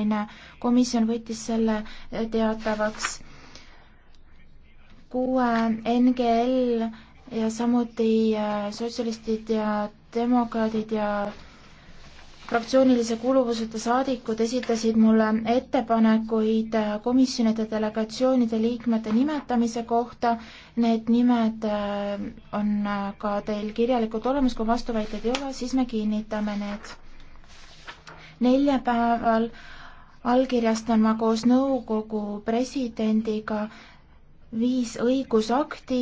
oluline. komisjon võttis selle teatavaks. kuue NGL ja samuti äh, sotsialistid ja demokraadid ja fraktsioonilise kuuluvuseta saadikud esitasid mulle ettepanekuid äh, komisjonide delegatsioonide liikmete nimetamise kohta. Need nimed äh, on ka teil kirjalikult olemas, kui vastuväiteid ei ole, siis me kinnitame need. neljapäeval allkirjastan ma koos nõukogu presidendiga viis õigusakti,